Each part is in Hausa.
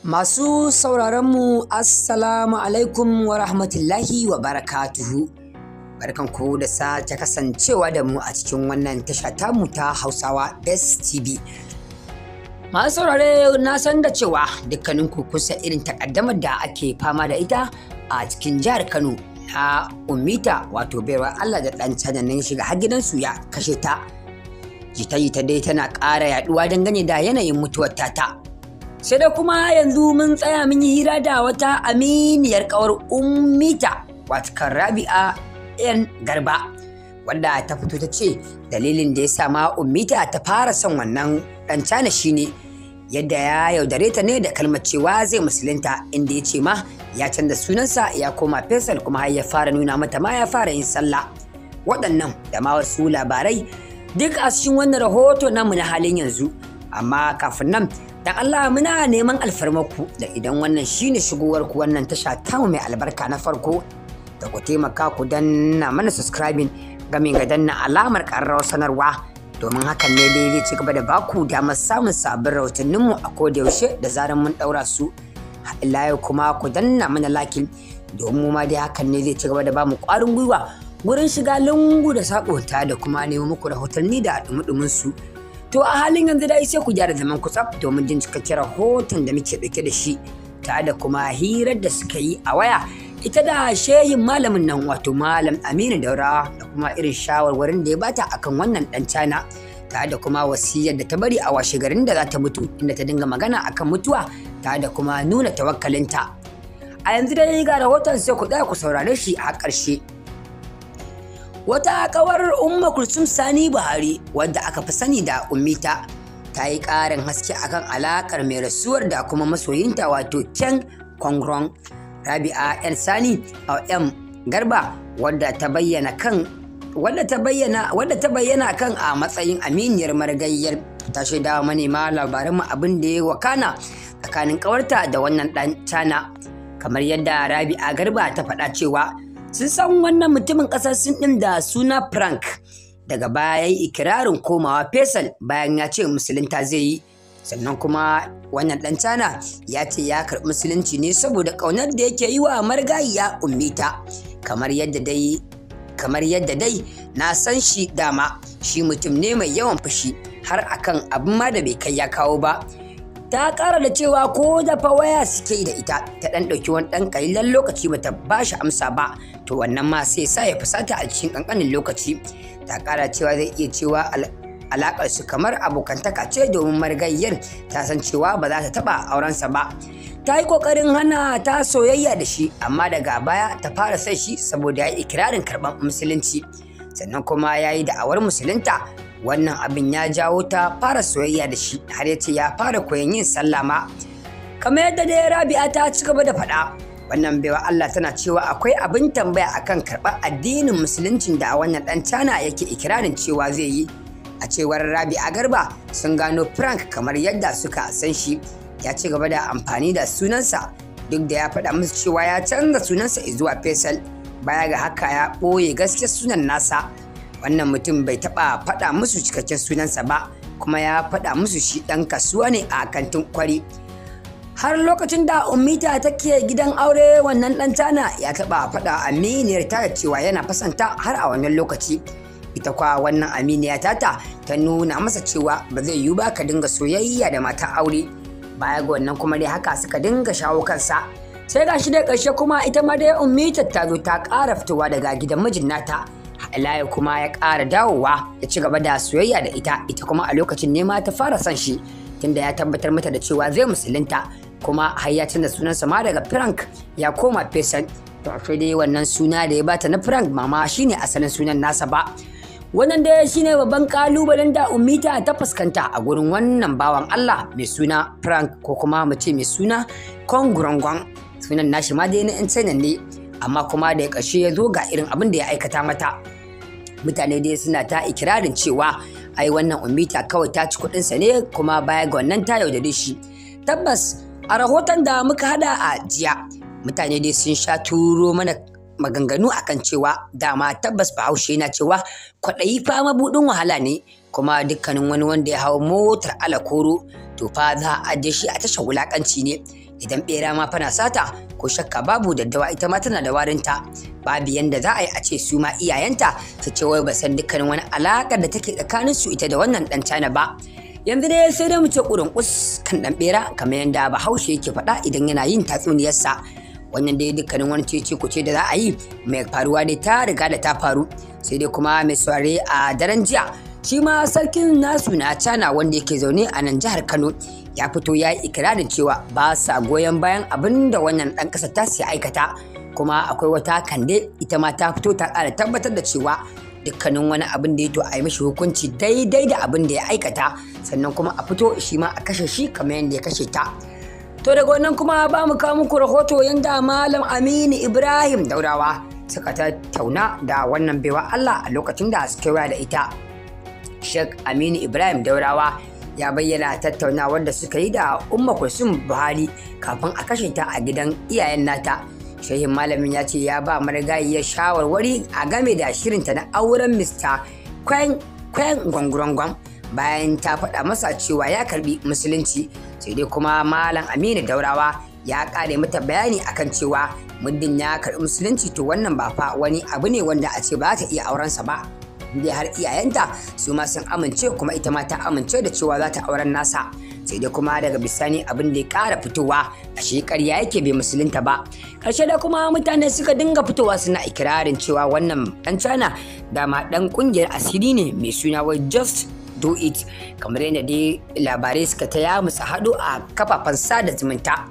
Masu sauraronmu Assalamu alaikum wa rahmatullahi wa barakatuhu. Barkanku da sace kasancewa da mu a cikin wannan tasha tamu ta Hausawa STB. Masu saurare na san da cewa dukkanin kusa irin takaddamar da ake fama da ita a cikin jihar Kano na Umita wato baiwa Allah da ɗan cananin shiga har gidansu ya kashe ta. Jita-jita dai tana ƙara yaɗuwa dangane da yanayin mutuwar ta. sai dai kuma yanzu mun tsaya mun yi hira da wata aminiyar kawar ummita kan rabi'a yan garba wanda ta fito ta ce dalilin da ya sa ma ummita ta fara son wannan dan cana shine yadda ya yaudare ta ne da kalmar cewa zai musulunta inda ya ce ma ya canza sunansa ya koma fesal kuma har ya fara nuna mata ma ya fara yin sallah waɗannan da ma wasu labarai duk a cikin wannan rahoto namu na halin yanzu amma kafin nan dan Allah muna neman alfarmaku da idan wannan shine shigowar ku wannan tasha ta mai albarka na farko da ku taimaka ku danna mana subscribing gamin ga danna alamar ƙararrawar sanarwa domin hakan ne dai zai ci gaba da baku damar samun sabbin rahotanninmu a kodayaushe da zarar mun ɗaura su. Illa yau kuma ku danna mana lakin domin ma dai hakan ne zai ci gaba da bamu ƙwarin gwiwa wurin shiga lungu da saƙonta da kuma nemo muku rahotanni da dumudumin su To a halin yanzu dai sai ku gyara zaman ku tsaf domin jin cikakken rahoton da muke ɗauke da shi ta da kuma hirar da suka yi a waya ita da shehin malamin nan wato malam Aminu Daura da kuma irin shawarwarin da ya bata akan wannan ɗan cana ta da kuma wasiyar da ta bari a washe garin da za ta mutu inda ta dinga magana akan mutuwa ta da kuma nuna tawakkalinta. A yanzu dai ga rahoton sai ku ɗaya ku saurare shi a ƙarshe. Wata kawar Umma Kulsum Sani Buhari wadda aka fi sani da Ummita ta yi ƙarin haske akan alakar mai rasuwar da kuma masoyinta wato Ken Kongron. Rabi'a 'yan Sani a 'yan Garba wadda ta bayyana kan wadda ta bayyana kan a matsayin aminiyar margayyar ta shaida manema labarin mu abin da ya wakana tsakanin kawarta da wannan dan cana kamar yadda Rabi'a Garba ta faɗa cewa sun san wannan mutumin ƙasar sun ɗin da suna frank daga baya yi ikirarin komawa fesal bayan ya ce musulunta zai yi sannan kuma wannan ɗan cana ya ce ya karɓi musulunci ne saboda ƙaunar da yake yi wa marigayiya umita kamar yadda dai kamar yadda dai na san shi dama shi mutum ne mai yawan fushi har akan abin ma da bai kai ya kawo ba ta ƙara da cewa ko da fa waya suke da ita ta ɗan ɗauki wani ɗan ƙalilan lokaci ba ta ba shi amsa ba to wannan ma sai sa ya fusata a cikin ƙanƙanin lokaci ta ƙara cewa zai iya cewa alaƙar su kamar abokantaka ce domin marigayyar ta san cewa ba za ta taɓa aurensa ba ta yi ƙoƙarin hana ta soyayya da shi amma daga baya ta fara son shi saboda ya yi ikirarin karɓar musulunci sannan kuma ya yi da'awar musulunta wannan abin ya jawo ta fara soyayya da shi har ya ce ya fara koyon yin sallah ma kamar yadda dai rabi'a ta ci gaba da faɗa wannan baiwa Allah tana cewa akwai abin tambaya akan karɓar addinin musuluncin da a wannan ɗan cana yake ikirarin cewa zai yi a cewar rabi'a garba sun gano frank kamar yadda suka san shi ya ci gaba da amfani da sunansa duk da ya faɗa musu cewa ya canza sunansa zuwa fesal baya ga haka ya ɓoye gaske sunan nasa wannan mutum bai taba faɗa musu cikakken sunansa ba kuma ya faɗa musu shi ɗan kasuwa ne a kantin kwari har lokacin da ummita take gidan aure wannan ɗan tana ya taba faɗa aminiyar ta cewa yana fasanta har a wannan lokaci ita kwa wannan aminiya tata ta nuna masa cewa ba zai yiwu ba ka dinga soyayya da mata aure baya ga wannan kuma dai haka suka dinga shawo kansa sai ga shi da ƙarshe kuma ita ma dai ummitar ta zo ta ƙara fitowa daga gidan mijin nata Laya kuma ya ƙara dawowa ya ci gaba da soyayya da ita ita kuma a lokacin nema ta fara son shi tunda ya tabbatar mata da cewa zai musulunta kuma har ya canza sunansa ma daga Frank ya koma Pesan to akwai dai wannan suna da ya bata na Frank mama shine asalin sunan nasa ba wannan dai shine babban kalubalen da Umita ta fuskanta a gurin wannan bawan Allah mai suna Frank ko kuma mu mai suna Kongrongon sunan nashi ma dai na ne amma kuma da ya ƙarshe ya zo ga irin abin da ya aikata mata mutane dai suna ta ikirarin cewa ai wannan umita kawai ta ci kuɗinsa ne kuma baya ga wannan ta yaudare shi tabbas a rahoton da muka hada a jiya mutane dai sun sha turo mana maganganu akan cewa dama tabbas bahaushe na cewa kwaɗayi fa mabuɗin wahala ne kuma dukkanin wani wanda ya hau motar alakoro to fa za a je shi a tashar wulakanci ne idan bera ma fana sata ko shakka babu daddawa ita ma tana da warinta babu yanda za a yi a ce su ma iyayenta su ce wai ba san dukkanin wani alaka da take tsakanin su ita da wannan ɗan cana ba yanzu dai sai dai mu ce ƙurin kus kan ɗan bera kamar yanda bahaushe yake faɗa idan yana yin tatsuniyarsa wannan dai dukkanin wani ku ce da za a yi mai faruwa dai ta riga da ta faru sai dai kuma mai saurare a daren jiya shi ma sarkin nasu na cana wanda yake zaune a nan jihar kano ya fito ya yi ikirarin cewa ba sa goyon bayan abin da wannan ɗan ƙasa ta ya aikata kuma akwai wata kande ita ma ta fito ta ƙara tabbatar da cewa dukkanin wani abin da ya to a yi mishi hukunci daidai da abin da ya aikata sannan kuma a fito shi ma a kashe shi kamar yadda ya kashe ta to daga wannan kuma ba mu kawo muku rahoto yadda malam aminu ibrahim daurawa suka tattauna da wannan baiwa allah a lokacin da suke da ita Sheikh Aminu Ibrahim Daurawa ya bayyana tattaunawar da suka yi da umma kusum buhari kafin a kashe ta a gidan iyayen nata shehin malamin ya ce ya ba marigayiyar shawarwari a game da shirinta na auren mr kwen kwen bayan ta faɗa masa cewa ya karbi musulunci sai dai kuma malam aminu daurawa ya ƙare mata bayani akan cewa muddin ya karbi musulunci to wannan ba fa wani abu ne wanda a ce ba ta iya aurensa ba dai har iyayenta su ma sun amince kuma ita ma ta amince da cewa za ta auren nasa sai dai kuma daga bisani abin da ya kara fitowa a shekar ya yake bai musulunta ba ƙarshe da kuma mutane suka dinga fitowa suna ikirarin cewa wannan ɗan cana dama ɗan ƙungiyar asiri ne mai suna wai just do it kamar yadda dai labarai suka ta ya musu haɗu a kafafen sada zumunta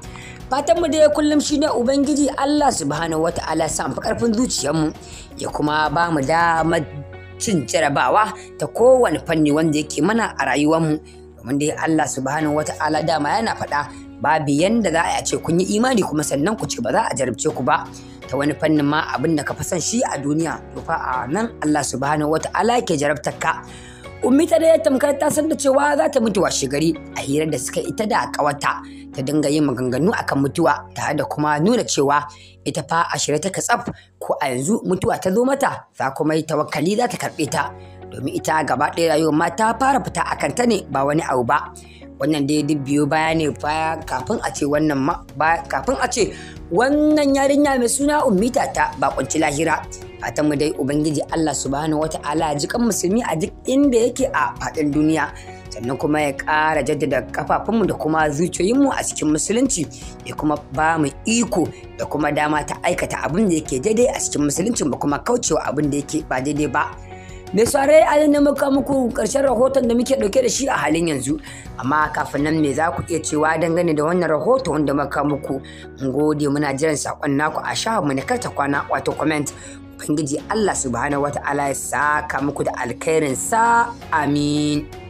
fatan mu dai kullum shi ne ubangiji Allah subhanahu ta'ala sa mu karfin zuciyarmu ya kuma ba mu damar cin jarabawa ta kowane fanni wanda yake mana a rayuwarmu domin dai Allah subhanahu wata'ala dama yana faɗa babu yanda za a yace kun yi imani kuma sannan ku ce ba za a jarabce ku ba ta wani fannin ma abin da ka fi son shi a duniya to fa a nan Allah subhanahu wata'ala ke jarabtar ka Ummi ta dai tamkar ta san da cewa za ta mutu washe gari a hirar da suka ita da ƙawata ta dinga yin maganganu akan mutuwa tare da kuma nuna cewa ita fa a shirye take tsaf ko a yanzu mutuwa ta zo mata za kuma yi tawakkali za ta karɓe ta domin ita gaba ɗaya rayuwar ma ta fara fita a kanta ne ba wani abu ba. wannan dai duk biyo baya ne baya kafin a ce wannan ma kafin a ce wannan yarinya mai suna ummita ta bakunci lahira fatan mu dai ubangiji Allah subhanahu wata'ala ya jikan musulmi a duk inda yake a faɗin duniya sannan kuma ya ƙara jaddada kafafunmu da kuma zuciyoyinmu a cikin musulunci ya kuma ba mu iko da kuma dama ta aikata abin da yake daidai a cikin musulunci ba kuma kaucewa abin da yake ba daidai ba. mai saurare a ne muka muku karshen rahoton da muke ɗauke da shi a halin yanzu amma kafin nan me za ku iya cewa dangane da wannan rahoton wanda muka muku mun gode muna jiran sakon naku a shafin mu na karta kwana wato comment ubangiji Allah subhanahu wataala ya saka muku da alkhairin sa amin